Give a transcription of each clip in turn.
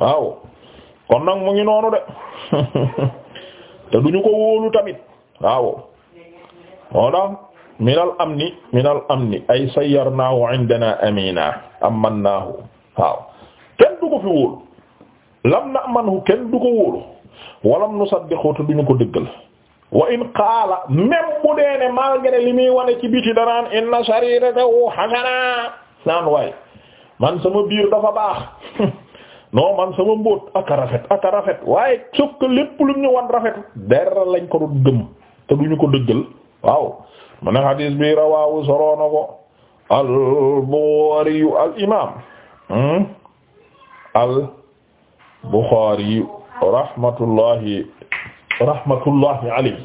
waaw kon nag mu ngi noonu de te duñu ko wóolu tamit waaw moo tax minal amni minal amni ay sayyarnaahu indana amina amannaahu waaw kenn du ko fi wóolu lam na'manhu kenn du ko wóolu walam nusaddiqu te duñu ko dëggal wa in qaala même dee ne malgré li muy wane ci biti danaan inna sariiratahu hasana naan waay man sama biir dafa baax non man sama mbóot aka rafet aka rafet waaye sauf que lu ñu wan rafet dara lañ ko doon gëm te duñu ko dëggal waaw mu ne bi rawaawu soroon al Buxaari al imaam hmm? al Buxaari rahmatullahi rahmatullahi alayhi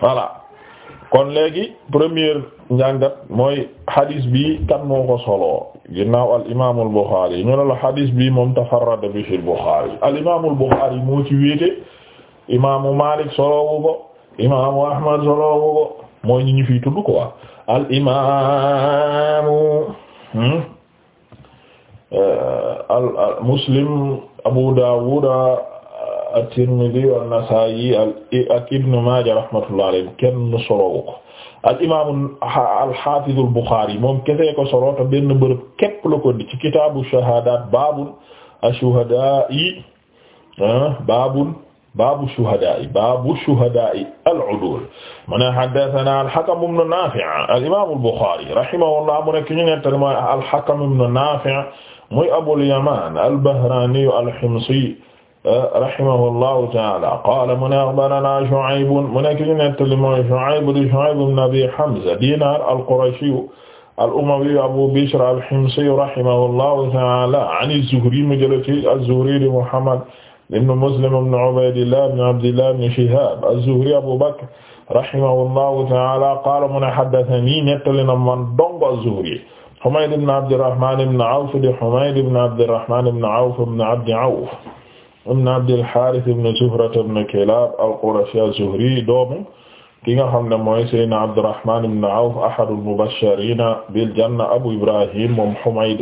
voilà kon léegi premier njàngat mooy hadis bi kan moo ko soloo ginnaaw al imaamul Bukhari ñu ne la bi moom tafarrada bi fil Bukhari al imaamul Bukhari moo ci wéete imaamu Malik soloowu ko imaamu Ahmad soloowu ko mooy ñi fi tudd quoi al imaamu hmm? euh, al Muslim Abu Dawuda at-Tirmidhi wa an-Nasa'i ak Ibn Maaja rahmatullahi alayhim kenn solowu ko al imaam al-Haafiz al-Bukhari moom kese ko solo te benn bërëb képp la ko di ci kitaabu shahaadaat baabul ash-shuhadaa'i ah, baabul baabu shuhadaa'i baabu shuhadaa'i al-'uduul mu ne haddathanaa al-Hakam ibn Naafi' al-imaam al-Bukhari rahimahullah mu ne ki ñu nettali mooy al-Hakam ibn Naafi' muy Abul Yamaan al-Bahraani al-Himsi rahimahullahu ta'ala qaala mu ne axbaranaa Shu'ayb mu nekk ñu nettali mooy Shu'ayb di Shu'ayb ibn Abi Hamza Diinaar al-Qurashiyu al-Umawiyu Abu Bishr al-Himsiyu rahimahullahu ta'ala an az-Zuhri mu jëlee ci az-Zuhri di Muhammad ibn Muslim ibn Ubaydillah ibn Abdillah ibn Shihab az-Zuhri Abu Bakr rahimahullahu ta'ala qaala mu ne haddathanii nettali na man dong az-Zuhri Humayd ibn Abdirrahman ibn Awf di Humayd ibn Abdirrahman ibn Awf ibn Abdi Awf ibn Abdul Harith ibn Zuhra ibn Kilab al-Qurashi az-Zuhri doomu ki nga xam ne mooy Seydina Abdurrahman ibn Awf ahadul mubashirina bil janna Abu Ibrahim moom Humayd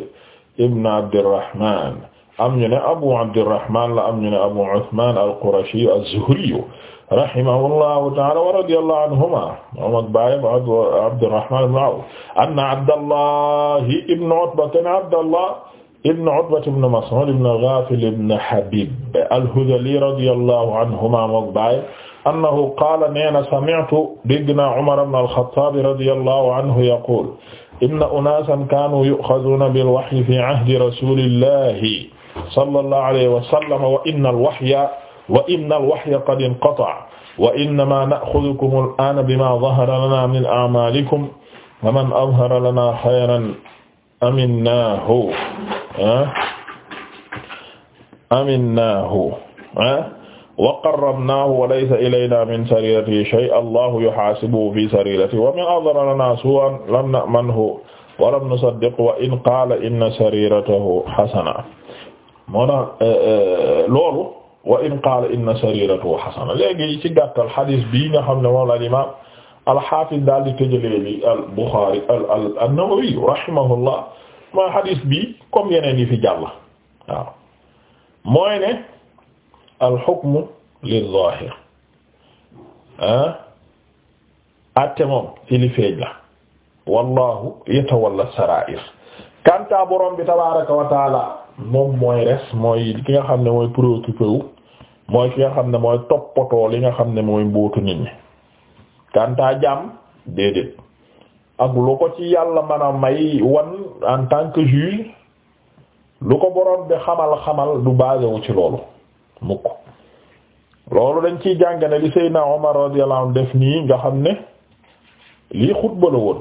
ibn Abdurrahman am ñu ne Abu Abdurrahman la am ñu ne Abu Uthman al-Qurashi az-Zuhri rahimahullahu ta'ala wa radiyallahu anhuma moom ak baayam Abdurrahman ibn Awf anna Abdallah ibn Utba kana Abdallah ibn Utba ibn Mas'ud ibn Ghafil ibn Habib al-Hudhali radiyallahu anhuma mook baay annahu qaala neena sami'tu dégg naa Umar ibn al-Khattab radiyallahu anhu yaqul inna unaasan kaanu yu'khadhuuna bil-wahyi fi ahdi rasulillahi sallallahu alayhi wa sallam wa inna al-wahya wa inna al-wahya qad inqata'a wa innamaa na'khudhukum al-aana bimaa dhahara lanaa min a'maalikum wa man adhhara lanaa khayran aminnaahu Ah, aminnahu ah, wa qarrabnaahu wa laysa ilaynaa min sariiratihi shay'un allahu yuhaasibuhu fi sariiratihi wa man adhara lanaa suu'an lam na'manhu wa lam nusaddiqhu wa in qaala inna sariiratahu hasana moo tax eh, eh, loolu wa in qaala inna sariiratahu hasana léegi ci gàttal xadis bii nga xam ne moom la imaam al-Haafiz daal di tëjëlee bi al-Buxaari an-Nawawi rahimahullah ma hadis bi comme yeneen yi fi jàll waaw mooy ne al lil zahir ah atte moom ci li feeñ la wallahu yatawalla sarair kanta borom bi tabaraka wa moom mooy res mooy ki nga xam ne mooy préoccupé wu mooy ki nga xam ne mooy toppatoo li nga xam ne mooy mbóotu nit ñi kanta jàmm déedéet ak lu ko ci yàlla mën a may wan en tant que juge lu ko borom bi xamal xamal du basé ci loolu mukk loolu dañ ciy jàngane li Seydina Omar radiyallahu anhu def nii nga xam ne lii xutba la woon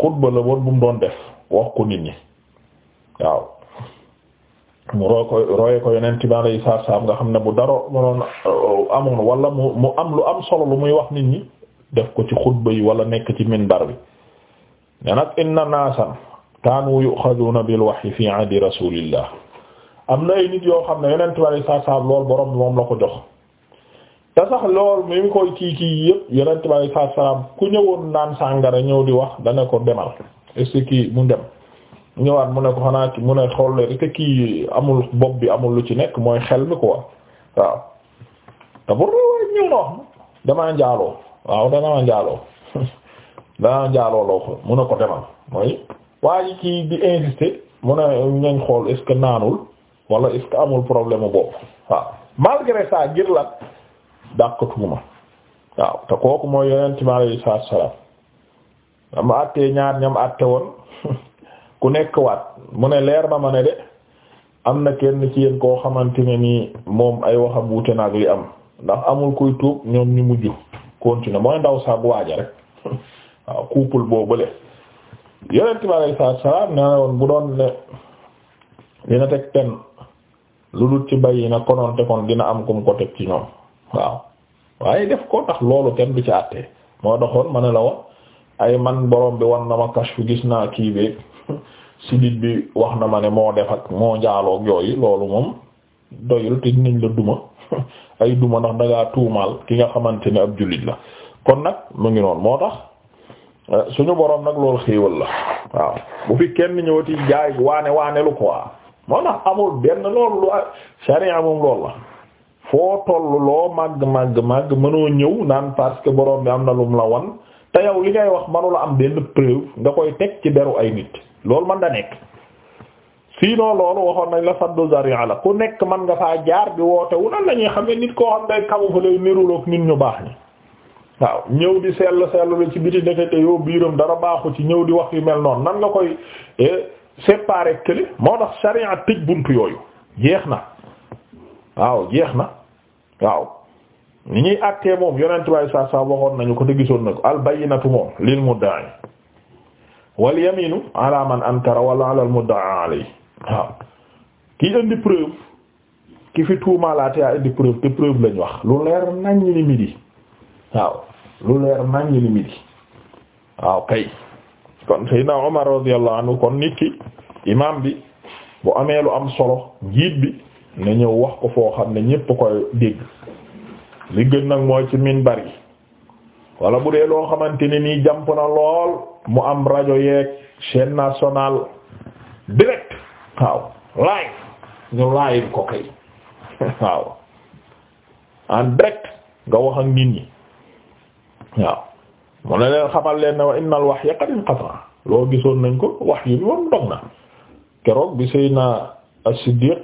xutba la woon bu mu doon def wax ko nit ñi waaw mu roy ko roye ko yeneen tibaale yi saar saam nga xam ne bu daro munoon uh, amoon wala mu mu am lu am solo lu muy wax nit ñi def ko ci xutba yi wala nekk ci minbar bi ne nag inna naasan kaanu yuxaduuna bil wahyi fi rasulillah am na ay nit yoo xam ne yeneen tubaab yi sax sax lool borom bi moom la ko jox te sax lool mi ngi koy kii kii yëpp yeneen tubaab yi sax sax ku ñëwoon naan sàngara ñëw di wax dana ko demal est ce kii mu dem ñëwaat mu ne ko xanaa mu ne xool est ce kii amul bopp bi amul lu ci nekk mooy xel mi quoi waaw te bu ñëw na wax njaaloo waaw damaa njaaloo. daa njaaloo loo ko mun a ko demal mooy waaye kii di insister mun a ñañ xool est-ce que naanul wala est-ce que amul problème mu bopp waaw malgré ça ngir la dàqatuuma waaw te kooku mooy yonent mi alayhi salaatu salaam am àttee ñaar ñam àtte woon ku nekk waat mu ne leer na ma ne de am na kenn ci yéen koo xamante ne nii moom ay waxam wuute na ak li am ndax amul kuy tuub ñoom ñu mujj continuer mooy ndaw saag waaja rek. waaw couple boobule yonent bi alayhi salaatu wa salaam nee na woon bu doon ne dina teg ten lu dul ci bay yi nag konoon te kon dina am kum ko teg ci ñoom waaw waaye def ko tax loolu kenn du ci àttee moo doxoon ma ne la woon ay man borom bi wan na ma kashfu gis naa kii beeg sidit bi wax na ma ne moo def ak moo njaaloog yooyu loolu moom doyul te dinañ la duma ay duma ndax dangaa tuumaal ki nga xamante ni ab jullit la kon nag mu ngi noonu moo tax Eh, suñu boroom nag loolu xéewal la waaw bu fi kenn ñëwati jaay waane waane lu ko waa moo tax amul benn loolu lu sharia moom la foo tollu loo màgg màgg màgg mënoo ñëw naan parce que borom bi am na lum la wan te yow li ngay wax manula am benn preuve nga koy teg ci deru ay nit loolu man da nekk sinon loolu waxoon nañ la saddu zaria la ku nekk man nga faa jaar bi woote wu nan la ñuy xam ne nit koo xam day kawu fa lay niruloog nit ñu baax ñi waaw ñëw di sell sell ci biti ndekete yoo biiram dara baaxu ci ñëw di wax yu mel noonu nan la koy eh, séparer kële moo tax sharia tëj buntu yooyu jeex na waaw jeex na waaw ni ñuy àttee moom yonent waaye saa waxoon nañu ko te gisoon na ko al bayyinatu moom lil mudda'i wal yaminu ala man ankara wala ala al mudda'i alayhi waaw ki indi preuve ki fi tuumaalaate yaa indi preuve te preuve lañ wax lu leer nañ ni midi waaw lu leer naññ ni midi waaw kay kon Seydina Omar radiyallahu anhu kon nit ki bi bu amee lu am solo njiit bi na ñëw wax ko foo xam ne ñépp koy dégg li gën nag mooy ci minbar bari wala bu dee loo xamante ne nii jàmp na lool mu am rajo yeeg chaîne national direct waaw live ñu live ko kay waaw en direct nga wax ak nit ñi waaw mu ne leen xamal leen ne wa innal wahya qad inqata loo gisoon nañ ko wax yi bi moom dog na keroog bi Seydina as-Siddiq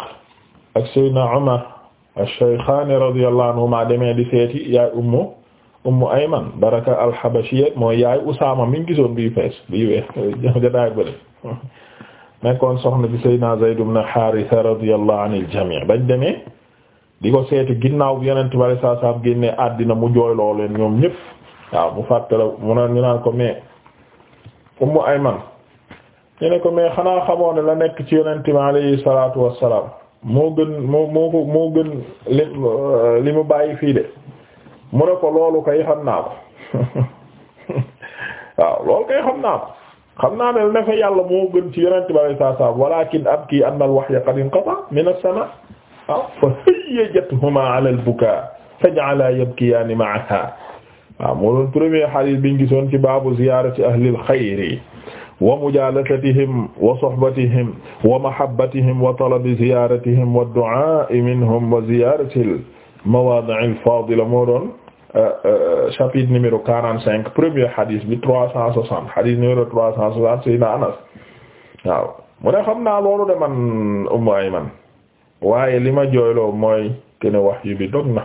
ak Seydina Umar ash-Shaykhaani radiyallahu anhuma demee di seeti yaay ummu ummu Ayman Baraka al-Habashiyya mooy yaay Usaama mi ngi gisoon bii fees bii wees jadaay bële nekkoon soxna bi Seydina Zayd ibn Haaritha radiyallahu anil jamii bañ demee di ko seeti ginnaaw bi Yonent bi sallallahu alayhi wa sallam génnee àddina mu jooyloo leen ñoom ñëpp waaw mu fàttala mu naan ñu naan ko mais Ummu Ayman ñu ne ko mais xanaa xamoo ne la nekk ci yonent mi alayhi salaatu wassalaam moo gën moo moo ko moo gën li li mu bàyyi fii de mu ne ko loolu kay xam naa ko waaw loolu kay xam naa ko xam naa ne la ne fa yàlla moo gën ci yonent bi alayhi salaatu wassalaam walaakin abkii anna al-wahya qad inqataa min as-samaa fa hayyajathumaa ala al-bukaa faj'alaa yabkiyaani ma'ahaa waaw moo doon premier xadis biñ gisoon ci baabu ziyaarati ahlil xayri wa mujaalasatihim wa sohbatihim wa mahabbatihim wa talabi ziyaaratihim wa du'aa'i minhum wa ziyaaratil mawaadi'il faadila moo doon euh, euh, chapitre numéro quarante cinq premier xadis bi trois cent soixante xadis numéro trois cent soixante Seydina Anas waaw mu ne xam naa loolu de man Ummu Ayman waaye li ma jooyloo mooy kenn wax yu bi dog na.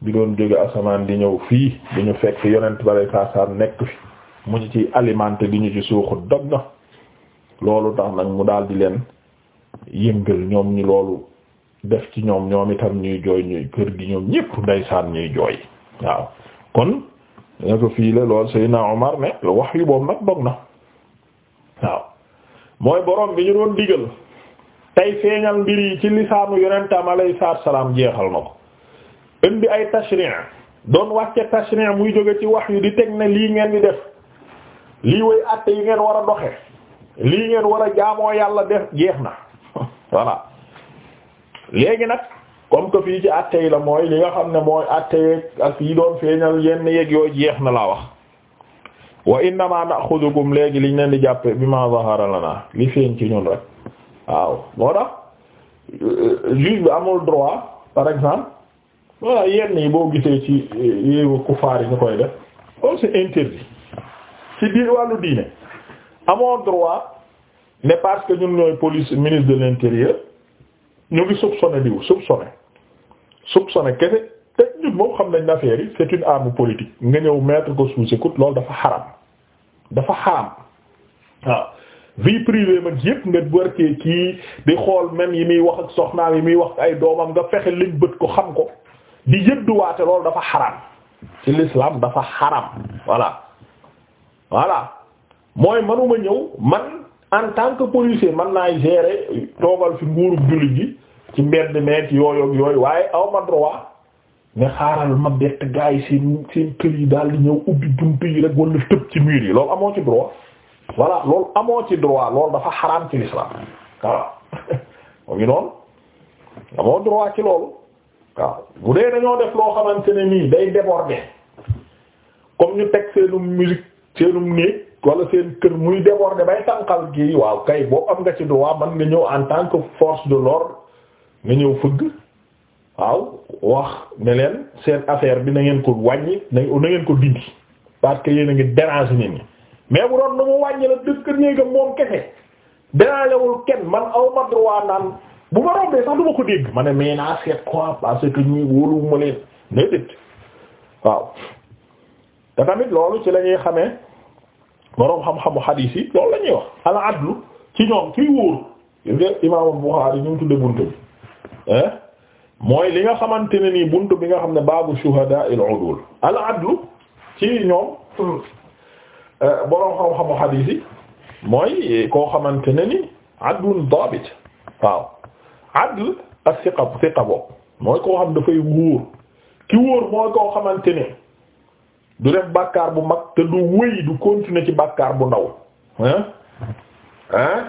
bi doon jóge asamaan di ñëw fii di ñu fekk yonent bare saasaam nekk fi mu ñu ciy alimenté di ñu ci suuxu dog na loolu tax nag mu daal di leen yëngal ñoom ñi loolu def ci ñoom ñoom itam ñuy jooy kër gi ñoom ñépp ndeysaan ñuy jooy waaw kon ne ko fii la loolu Seydina Omar ne wax yu boobu nag dog na waaw mooy borom bi ñu doon digal tey feeñal mbir yi ci lisaanu yonentam alayhi salaam jeexal na ko indi ay tashri' doon wàcce tashri' muy jóge ci wax yu di teg ne lii ngeen di def lii way àtte yi ngeen war a doxe lii ngeen war a jaamoo yàlla def jeex na voilà léegi nag comme que fii ci atte yi la mooy li nga xam ne mooy àtte yeeg ak yi doon feeñal yenn yeeg yooyu jeex na laa wax wa innama na'khudhukum léegi liñ leen di jàppe bi ma zahara lana li feeñ ci ñun rek waaw moo tax euh, juge bi amul droit par exemple voilà yenn yi boo gisee ci e, yéewu kufaar yi ñu koy def loolu c'est ci biir wàllu diine amoo droit ne parce que ñun ñooy police ministre de l'intérieur ñu ngi soupçonné diw soupçonné soupçonné kese te ñun moom xam nañ affaire yi c'est une arme politique nga ñëw mettre ko sous écoute loolu dafa xaram dafa xaram waaw vie privée mag yëpp nga barkee kii bi xool même yi muy wax ak soxnaam yi muy wax ay doomam nga fexe liñ bët ko xam ko di yëdduwaate loolu dafa xaram ci l'islam dafa xaram voilà voilà mooy manuma ñëw man en tant que policier man naa gérer toogal fi nguurub jullit gi ci mbedd meek yooyu yooyu waaye aw ma droit ne xaaral ma bett gars yi seen seen kër yi daal di ñëw ubbi buntu yi rek wala tëb ci mur yi loolu amoo ci droit voilà loolu amoo ci droit loolu dafa xaraam ci l'islam waaw mu ngi noonu amoo droit ci loolu waaw bu dee dañoo def loo xamante ne nii day déborder comme ñu teg seenum musique seenum néeg wala seen kër muy déborder bay tànqal gi waaw kay boo am nga ci droit man nga ñëw en tant que force de l'ordre nga ñëw fëgg waaw wax ne leen seen affaire bi na ngeen ko wàññi na ngeen ko dindi parce que yéen a ngi mais bu doon nu mu wàññi la dëkk néegam moom kese dérangewul kenn man aw ma droit naan bu ma rombee sax du ma ko ma ne mais naa seet quoi parce que ñuy ma ne dét waaw te tamit loolu ci la xame xamee boroom xam-xamu xadiis yi loolu la ñuy wax al adlu ci ñoom ciy wóor nga imaam Buxaari ñu ngi tudde bunt bi eh? mooy li nga xamante ne ni bunt bi nga xam ne baabu shuhadaa il udul al adlu ci ñoom eh, boroom xam-xamu xadiis yi mooy koo xamante ne ni adlun daabit waaw adl ak siqa siqa mooy koo xam dafay wóor ki wóor mooy koo xamante ne du def bàkkaar bu mag te du wéy du continuer ci bàkkaar bu ndaw hein hein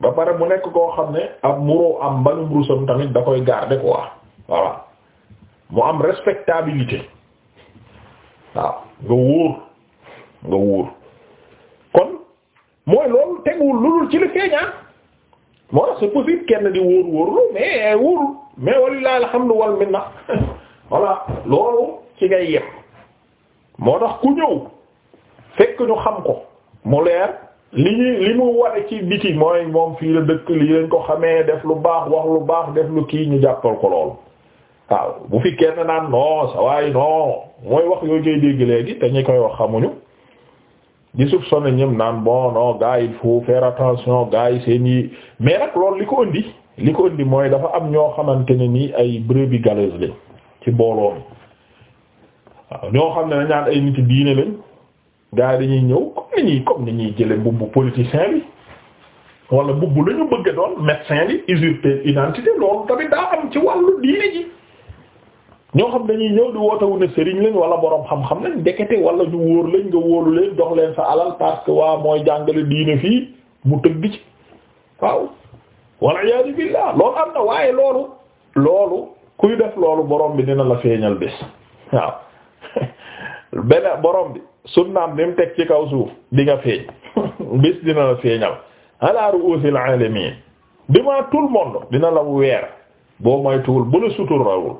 ba pare mu nekk koo xam ne ab muroo am mbanum rusam tamit da koy garder quoi voilà mu am respectabilité waaw nga wóor nga wóor kon mooy loolu teguwul lu dul ci li feeñaa ah. moo tax c'est possible kenn di wóor wóorlu mais wóorul mais walillahi loolu ci ngay yem moo tax ku ñëw fekk ñu xam ko mu leer li ñuy li mu ware ci biti mooy moom fii la dëkk li lañ ko xamee def lu baax wax lu baax def lu kii ñu jàppal ko loolu waaw bu fi kenn naan non sa waay mooy wax yooyu ngay dégg léegi te ñu koy wax xamuñu gisuf sonn ñëm naan bon non gars il faut faire attention gars yi seen yi mais nag loolu li ko indi li ko indi mooy dafa am ñoo xamante ne nii ay brebis galeuses lañ ci mbooloo waaw ñoo xam ne dañaan ay nit diine lañ gars yi dañuy ñëw comme ni ñuy comme ni ñuy jële mbubbu politicien bi wala mbubbu la ñu bëgg doon médecin bi usurper identité loolu tamit daa am ci wàllu diine ji ñoo xam dañuy ñëw di wootewu ne sëriñ lañ wala borom xam-xam lañ ndekete wala ñu wóor lañ nga wóolu leen dox leen sa alal parce waa mooy jàngale diine fii mu tëgg ci waaw wala iyaadu billah loolu am na waaye loolu loolu kuy def loolu borom bi dina la feeñal bés waaw benn borom bi sunnaam ni mu teg ci kaw suuf di feeñ bés dina la feeñal ala ru'usil alamin devant tout le monde dina la weer boo moytuwul bu la sutur rawul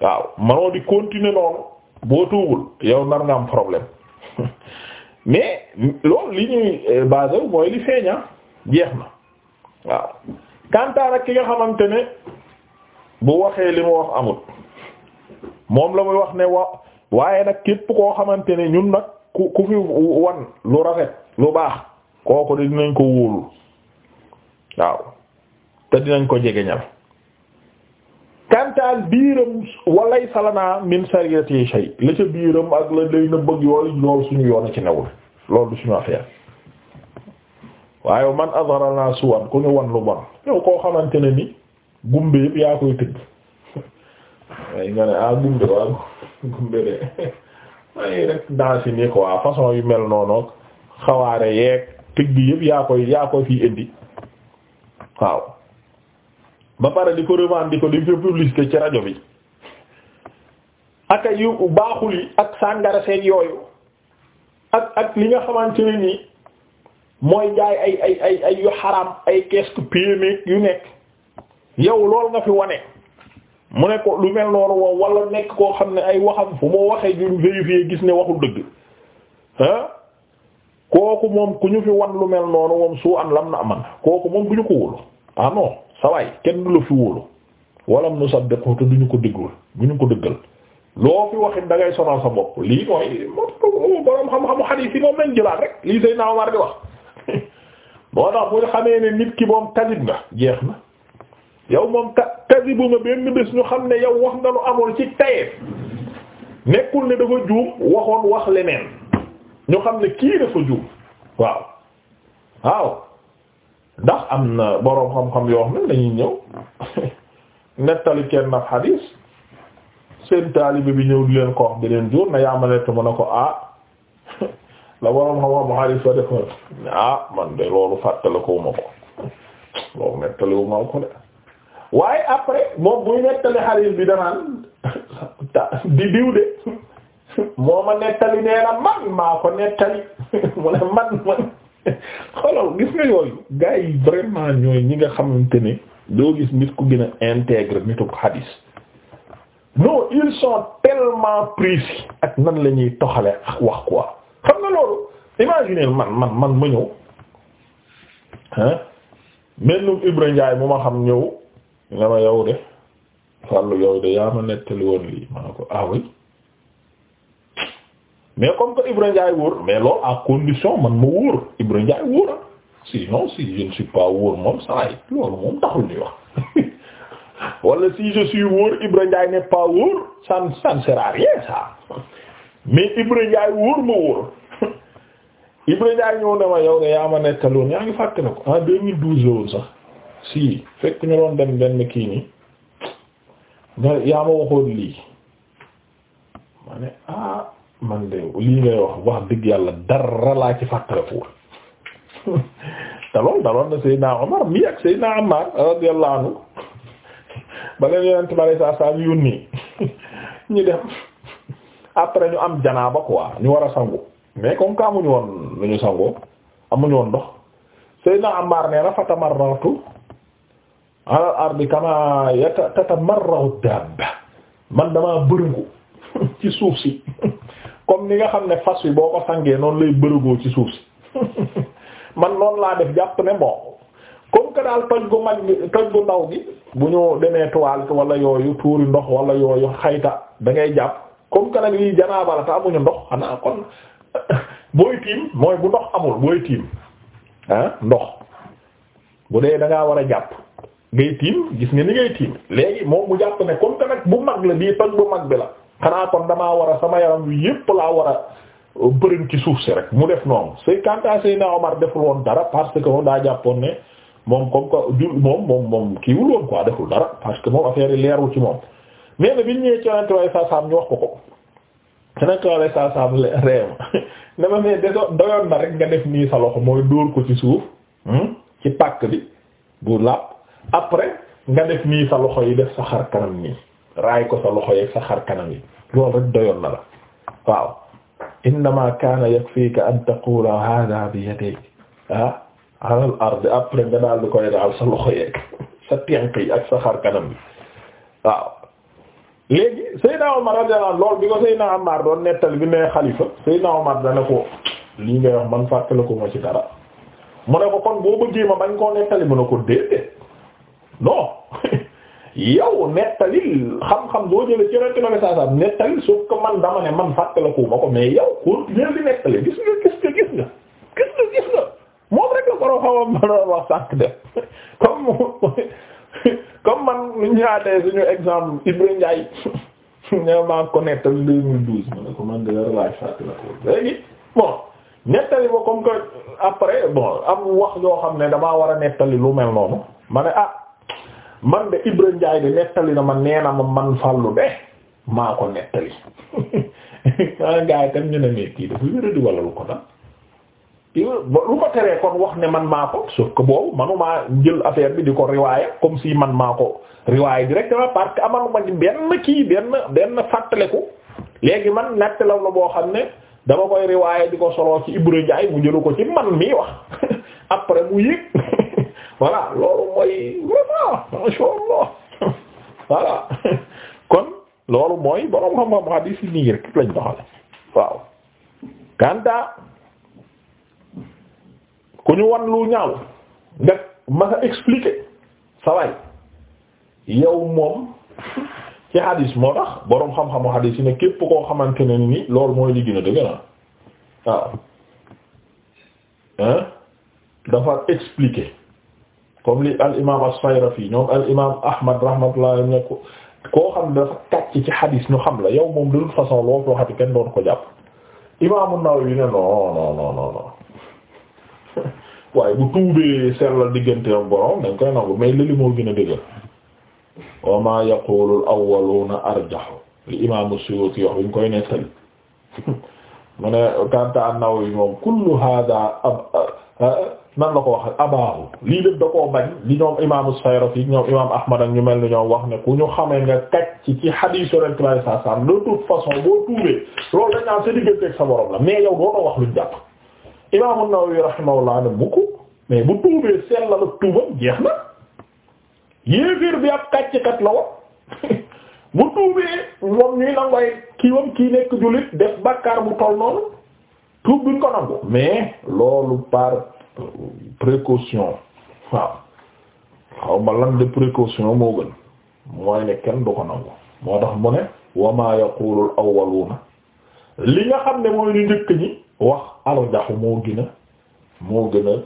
waaw manoo di continuer noonu boo tuubul yow nar nga am problème mais loolu li ñuy eh, basé mooy li feeña ah, jeex na waaw kantaar ak ki nga xamante ne bu waxee li mu wax amut moom la muy wax ne wa waaye nag képp koo xamante ne ñun nag ku ku fi wan lu rafet lu baax kooku dinañ ko wóolu waaw te dinañ ko jegeñal kantaan biiram walay salanaa min yi shay la ca biiram ak la lay na yooyu loolu suñu yoon ci newul loolu du suñu affaire waaye man azharana suwan ku ñu wan lu bon yow koo xamante ne ni gumbe yëpp yaa koy tëgg waaye nga ne ah gumbe waa gumbe de waaye rek dansi nii ko waa façon yu mel noonook xawaare yeeg tëgg yëpp yaa koy yaa koy fii indi waaw ba pare di ko revendiquer di ko publicité ci rajo bi ak yu baaxul yi ak sàngara seeg yooyu ak ak li nga xamante ne nii mooy jaay ay ay ay yu xaram ay kesku PME yu nekk yow loolu nga fi wane mu ne ko lu mel noonu woo wala nekk koo xam ne ay waxam fu mu waxee ñu vérifier gis ne waxul dëgg kooku moom ku ñu fi wan lu mel noonu moom su an lam na aman kooku moom du ñu ko wóolu ah sawaay kenn du la fi wóolu de nusaddiqu te ñu ko déglu ñu ko dëggal loo fi waxit da ngay sonal sa bopp lii mooy moom borom xam-xamu xadiis yi moom lañ jëlaat rek lii say naaw war di wax moo tax bu xamee ne nit ki moom kadib nga jeex na yow moom ka kadibu nga benn bés ñu xam ne yow wax nga lu amul ci tayeef nekkul ne dafa juum waxoon wax leneen ñu xam ne kii dafa juum waaw waaw ndax am na boroom xam-xam yoo xam ne dañuy ñëw nettali kenn nag xadiis seen taalibe bi ñëw di leen ko wax beneen jour na yaa ma nett mu ne ko ah la boroom xam-xam xadiis ah, waaye après moom buy nettali xadiis bi danaan di diw de moo ma nettali nee na man maa ko nettali mu ne man man xoolal gis nga yooyu gars yi vraiment ñooy ñi nga xamante ni doo gis nit ku gën a intègre nitu xadis non ils sont tellement précis ak nan la ñuy toxale wax quoi xam nga loolu imaginer man man man ma ñëw ah mel Ibra Ndiaye mu ma xam ñëw nga yow de fàllu yow de yaa ma nettali woon lii ma ne ko ah mais comme que Ibra Ndiaye wóor mais loolu à condition man ma wóor Ibra Ndiaye wóor ah sinon si je pas wóor moom saa yi loolu moom taxul ñuy wax wala si je wóor Ibra Ndiaye n'est wóor ça ne ça ne mais Ibra Ndiaye wóor ma wóor Ibra Ndiaye ñëw ne ma yow de yaa ma nettaloon yaa ngi fàttali ko en 2012 la woon sax si fekk ñu doon dem benn kii nii yaa ma waxoon lii. man lii ngay wax wax dëgg yàlla dara laa ci fàttaliku te loolu daloon na Seydina Omar mi ak Seydina Ammar radiyallahu anhu ba leen yonent bi alayhi salaam yónni ñu dem après ñu am janaaba quoi ñu war a sangu mais comme que woon lu ñu sangoo amuñu woon ndox Seydina Ammar nee na fatamarratu ala al-ardi kama tatamarrahu dabba man damaa bërëngu ci suuf si comme ni nga xam ne fas wi boo ko sangee noonu lay bërëgoo ci suuf si man noonu laa def jàpp ne bon comme que daal toj gu mag gi toj gu ndaw gi bu ñu demee toilette wala yooyu ndox wala yooyu xayta da jàpp comme que nag lii janaaba ndox xanaa kon booy ndox amul booy tiim ah, ndox bu dee war a jàpp gis nga ni ngay tiim léegi moom mu jàpp ne comme bu mag la bii toj bu mag bi la xanaa kon damaa war a sama yaram wi yépp laa war a euh, bëriñ ci suuf si rek mu def noonu say kantaa Seydina Omar deful woon dara parce que moom daa jàppoon ne moom comme que jur moom moom moom kiiwul woon deful dara parce que moom affaire yi leerul ci moom mais na biñ ñëwee ci yonente way saa ñu wax ko ko yonente way saa saam réew na ma mais deso doyoon na rek nga def nii sa loxo mooy dóor ko ci suuf hmm, ci pàkk bi bu làpp après nga def nii sa loxo yi def sa xar kanam nii raay ko sa loxo yeeg sa xar kanam yi loolu rek doyoon na la waaw innama kaana yakfiika an taqula hada bi yadayk ah ala al après nga daal di koy daal sa loxo yeeg sa tenk yi ak sa xar kanam bi waaw léegi Seydina Omar radiyallahu anhu loolu bi ko Seydina Omar doon nettali bi ne xalifa Seydina Omar dana ko lii ngay wax man fàttaliku ma ci dara mu ne ko kon boo bëggee bañ koo nettali mu ne ko déedéet non yow nettalil xam-xam boo jëlee ci rek ma saa saa nettalil sauf que man dama ne man fàttaliku ma ko mais yow continuer di ma mën a wax sànq de comme comme man ñu ñaatee suñu exemple Ibrahima Ndiaye ñoom maa ko nettali 2012 ma ne ko man de la laaj fàttaliku léegi bon nettali ba comme que après bon am wax yoo xam ne damaa war a nettali lu mel noonu ma ne ah. man de Ibra njaay de nettali na ma nee na ma man fàllu de maa ko nettali maa ngaa itam ñu ne mais kii dafa wéradi wala lu ko dal lu ko teree kon wax ne man maa ko sauf que boobu manuma jël affaire bi di ko riwaaya comme si man maa ko riwaaya directement parce que amaluma benn kii benn benn fàttaleku léegi man nettalaw la boo xam ne dama koy riwaaya di ko soloo ci Ibra Ndiaye mu jëlu ko ci man mii wax après mu yëg voilà loolu mooy vraiment masha Allah voilà kon loolu mooy borom xam-xam hadis yi nii rek lañ doxale waaw kanta ku ñu wan lu ñaaw nga masa expliquer sa waay yow moom ci hadis moo tax boroom xam-xamu hadis yi ne képp koo xamante ne ni loolu mooy li gën dëgg na waaw dafa expliquer comme li al imaam as ñoom al Ahmad rahmatullah ne ko koo xam dafa tàcc ci xadis ñu xam la yow moom de toute façon loo ko waxati kenn doon ko jàpp imaam an-Nawawi ne non non non non waaye bu tuubee seetlal digganteem borom dañ koy nangu mais lëli moo gën a dëgër. wa maa yaqulu al li imaam as-Suyuuti wax ñu koy nettali mu ne Kanta an-Nawawi moom kullu haadaa nan la ko wax abaaru lii lépp da koo bañ li ñoom imaamu Sayrafi ñoom imaam Ahmad ak ñu mel ni ñoom wax ne ku ñu xamee nga kaj ci ci xadiis Yonent bi saa de toute façon boo tuubee loolu dañ naan sa diggante ak sa borom la mais yow doo ko wax lu jàpp. imaamu An-Nawawi rahimahullah ne mukk mais bu tuubee seen la ak tuubam jeex na yéeféer bi ak kaj kat la woon bu tuubee moom ñuy nangoy kiiwam kii nekk jullit def bàkkaar bu toll noonu tuub duñ ko précaution waaw xaw ma lan de précaution moo gën mooy ne kenn du ko nangu moo tax mu ne wa maa yaqulul awwaluuna li nga xam ne mooy ni njëkk ñi wax alo moo gën a moo gën a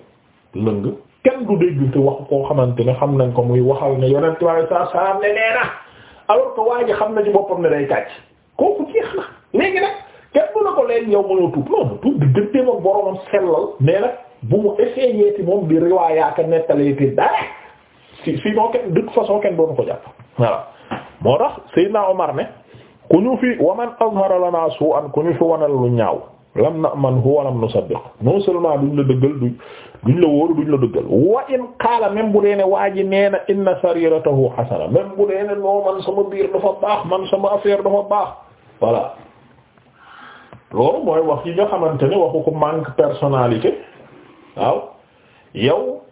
lëng kenn du dégg te wax koo xamante ne xam nañ ko muy waxal ne yonent waaye saa saa ne nee na alors que waa ji xam na ci boppam ne day kàcc kooku jeex na léegi nag kenn du la ko leen yow mënoo tuub non tuub di gënteem ak boromam sellal nee nag bu mu essayé ci moom di riwaayaaka nettalee te dara si si noo kenn de toute façon kenn doonu ko jàpp voilà moo tax Seydina Omar ne ku ñu fi waman azhara lana su'an ku ñu fi wanal lu ñaaw lam na'man hu wa lam nusaddiq non seulement duñ la dëggal duñ duñ la wóoru duñ la dëggal wa in qaala même bu dee ne waa ji nee na inna sariratahu hasana même dee ne noo man sama biir dafa baax man sama affaire dafa baax voilà loolu mooy wax yi nga xamante ne waxu ko manque waaw yow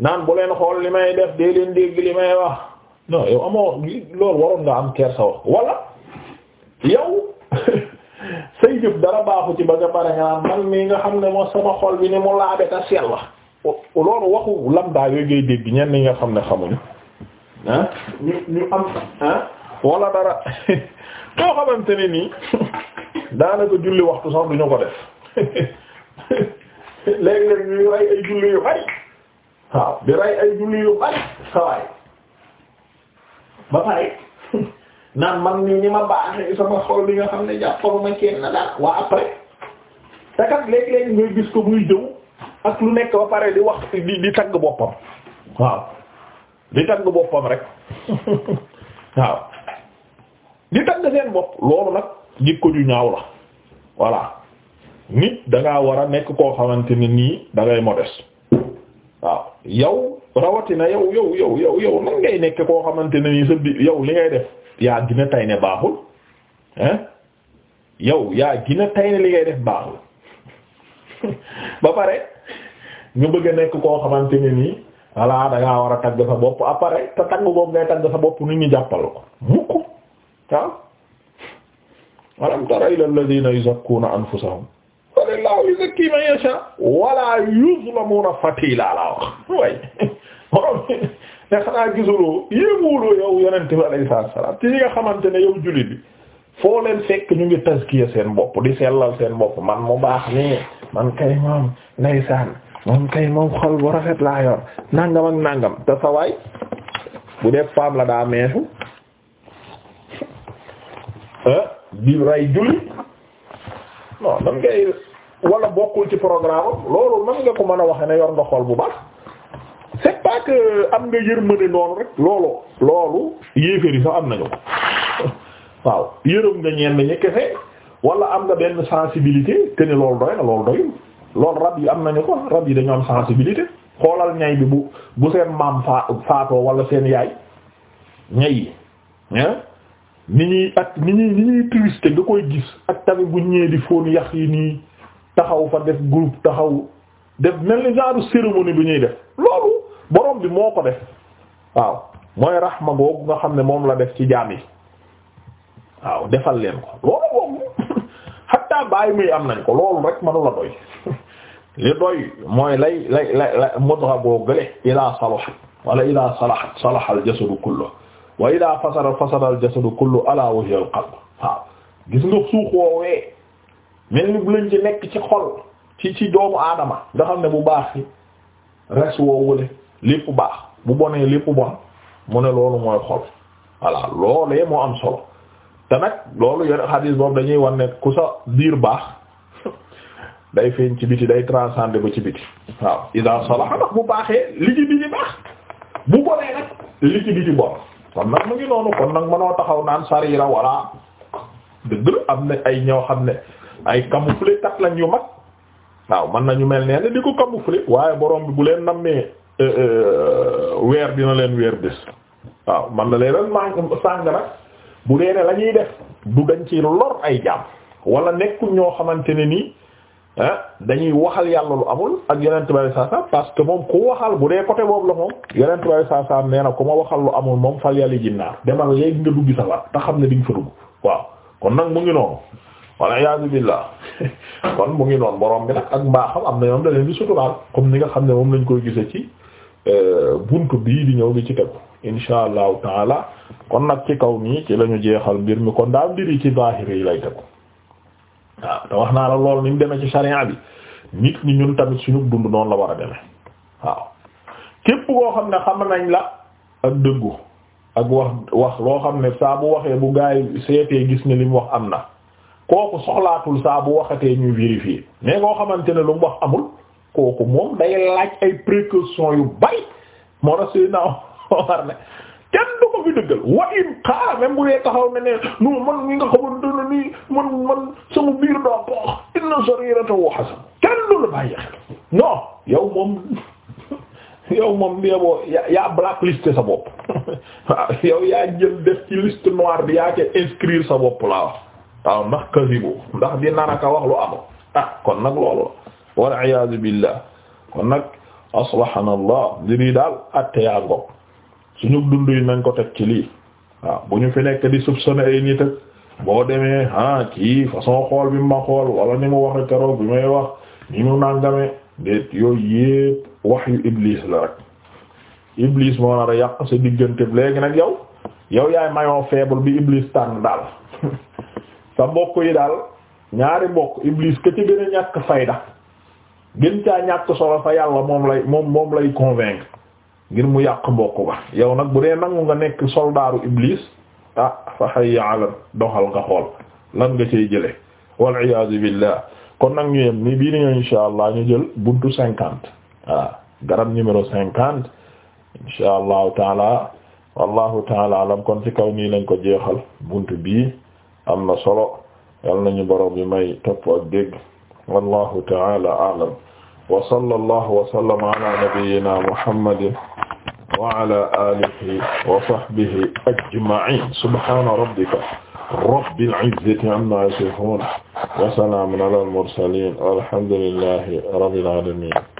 naan bu leen xool li may def dee leen dégg li may wax non yow amoo loolu waroon nga am kersa wax wala yow say jëf dara baaxu ci ba nga pare nga naan man mii nga xam ne moo sama xol bi ni mu laabe ta sell la loolu waxu lamdaa yooyu ngay dégg ñenn ñi nga xam ne xamuñu ah ñu ñu am ah wala dara koo xamante ne nii daanaka julli waxtu sax duñu ko def léeg-léeg ñuy rey ay julli yu bari waaw di rey ay julli yu bari sawaay ba pare naan man ni ñi ma baaxee sama xol li nga xam ne jàppalu ma kenn na dara waa après te kat léeg-léeg ngay gis ko muy jëw ak lu nekk ba pare di wax di di tagg boppam waaw di tagg boppam rek waaw di tagg seen bopp loolu nag jikko ju ñaaw la voilà nit da war a nekk koo xamante ne nii dangay ngay modeste waaw yow rawatina yow yow yow yow yow ngay nekk koo xamante ne nii sa bi yow li ngay def yaa gina tay ne baaxul hein yow yaa gina tay ne li ngay def baaxul ba pare nga bëgg nekk koo xamante ne nii voilà da war a tagg sa bopp après te tagg boobu ngay tagg sa bopp nit ñi jàppal ko mukk waaw alam tara ila alladhina yuzakkuna anfusahum yuzakki man yasha wala yuzlamuna la wax way borom ne xanaa gisuloo yéemuwuloo yow yonent bi alayhi salaam ci ñi nga xamante ne yow jullit bi foo leen fekk ñu ngi taskiya seen bopp di sellal seen bopp man mu baax nii man kay moom naysaan moom kay moom xol bu rafet laa yor nangam ak nangam te bu dee femme la daa meesu di ray julli non ngay wala bokkul ci programme loolu nan nga ko mën a waxe ne yor nga xool bu baax c'est pas que am nga yërmande noonu rek loolu loolu yéeféri sax am nañu ko waaw yërëm nga ñeen ñi kese wala am nga benn sensibilité te ne loolu doy na loolu doyul loolu rab yi am nañu ko rab yi dañu am sensibilité xoolal ñay bi bu bu seen maam fa faatoo wala seen yaay ñay yi ni ñuy ak ni ñuy ni ñuy triste nga koy gis ak tamit bu ñëwee di fóon yax yi nii taxaw fa def groupe taxaw def mel ni genre cérémonie bi ñuy def loolu borom bi moo ko def waaw mooy rahma googu nga xam ne moom la def ci jaam yi waaw defal leen ko loolu moom hatta bàyyi muy am nañ mooy lay lay lay mudra goo gële ila salahat wala ila salahat salaha al jasadu kullu wa ala wa al qalb waaw gis nga suux woowee mel ni bu lañ ci nekk ci xol ci ci doomu aadama nga xam ne bu baax ci res woo wële lépp baax bu bonee lipp bon mu ne loolu mooy xol voilà loolee moo am solo te nag loolu yore xadis boobu dañuy wan ne ku sa biir baax day feeñ ci biti day transcender ba ci biti waaw idaa salaha nag bu baaxee ci biti baax bu bonee nag biti bon kon nag mu ngi noonu kon nag mënoo taxaw naan sarira wala dëgg am na ay ñoo xam ne ay camouflé kat lañ yu mag waaw mën ñu mel nee di ko camouflé waaye borom bi bu leen nammee euh, euh, weer dina leen weer bés waaw man na leen mang sàng nag bu dee ne la ñuy def du dañ ci lor ay jaam wala nekkul ñoo xamante ne nii ah dañuy waxal yàlla lu amul ak yonent bi saa saa parce que moom ku waxal bu dee côté boobu la moom yonent bi saa saa nee na ku ma waxal lu amul moom fal yàlla ji naar demal léegi nga dugg sa te xam ne di nga fa dugg waaw walla iyaazu billaah kon mu ngi noon borom bi nag ak mbaaxam am na ñoom da leen di suturaal comme ni nga xam ne moom lañ koy gise ci euh, buntu bii di ñëw bi ci tegu insha allahu taala kon nag ci kaw nii ci lañu jeexal mbir mi kon daa mbir yi ci zaahir yi lay tegu waaw te wax naa la lool ni mu demee ci sharia bi nit ñi ñun tamit suñu dund noonu la war a demee waaw képp koo xam ne xam nañ la ak dëggu ak wax wax loo xam ne saa bu waxee bu gaay seetee gis ne li wax am na kooku soxlaatul saa bu waxatee ñuy vérifier mais ngoo xamante ne lu mu wax amul kooku moom day laaj ay précaution yu bari moo tax suy naaw war ne kenn du ko fi dëggal wa xaar même bu dee taxaw ne ne non man mi nga xamante ne man man sama biir daa baax inna sariratahu hasan kenn du la bàyyi xel non yow moom yow moom bi yoboo yaa blacklisté sa bopp waaw yow yaa jël def ci liste noire bi yaa ke inscrire sa bopp laa wax waaw ndax kasibu ndax di naraka wax lu amul ah kon nag loolu wala iyaazu billah kon nag aslahana allah lii daal atteyaa ngoog suñu dund yi nañ ko teg ci lii waaw bu ñu fi nekk di soupçonné ay nit boo demee ah kii façon xool bi ma xool wala ni mu waxe keroog bi may wax ni mu nàngame déet yooyu yépp wax yu iblis la rek iblis moo nar a yàq sa diggante léegi nag yow yow yaay mayoo faible bi iblis tànn daal sa mbokk yi daal ñaari mbokk iblis ke ci gën a ñàkk fayda gën caa ñàkk solo fa yàlla moom lay moom moom lay convaincre ngir mu yàq mbokk ba yow nag bu dee nangu nga nekk soldaaru iblis ah fa hayya ala doxal nga xool lan nga cay jële wal iyaazu billah kon nag ñu yem ni bii ni insha allah ñu jël buntu cinquante ah garab numéro cinquante insha allahu taala wallahu taala alam kon ci kaw nii lañ ko jeexal buntu bii am na solo yal nañu borom bi may topp ak dégg wallahu ta'ala a'lam wa sallallahu wa sallama ala nabiyyina muhammadin wa ala alihi wa sahbihi ajma'in subhana rabbika rabbil izzati amma yasifun wa salamun ala al mursalin walhamdulillahi rabbil alamin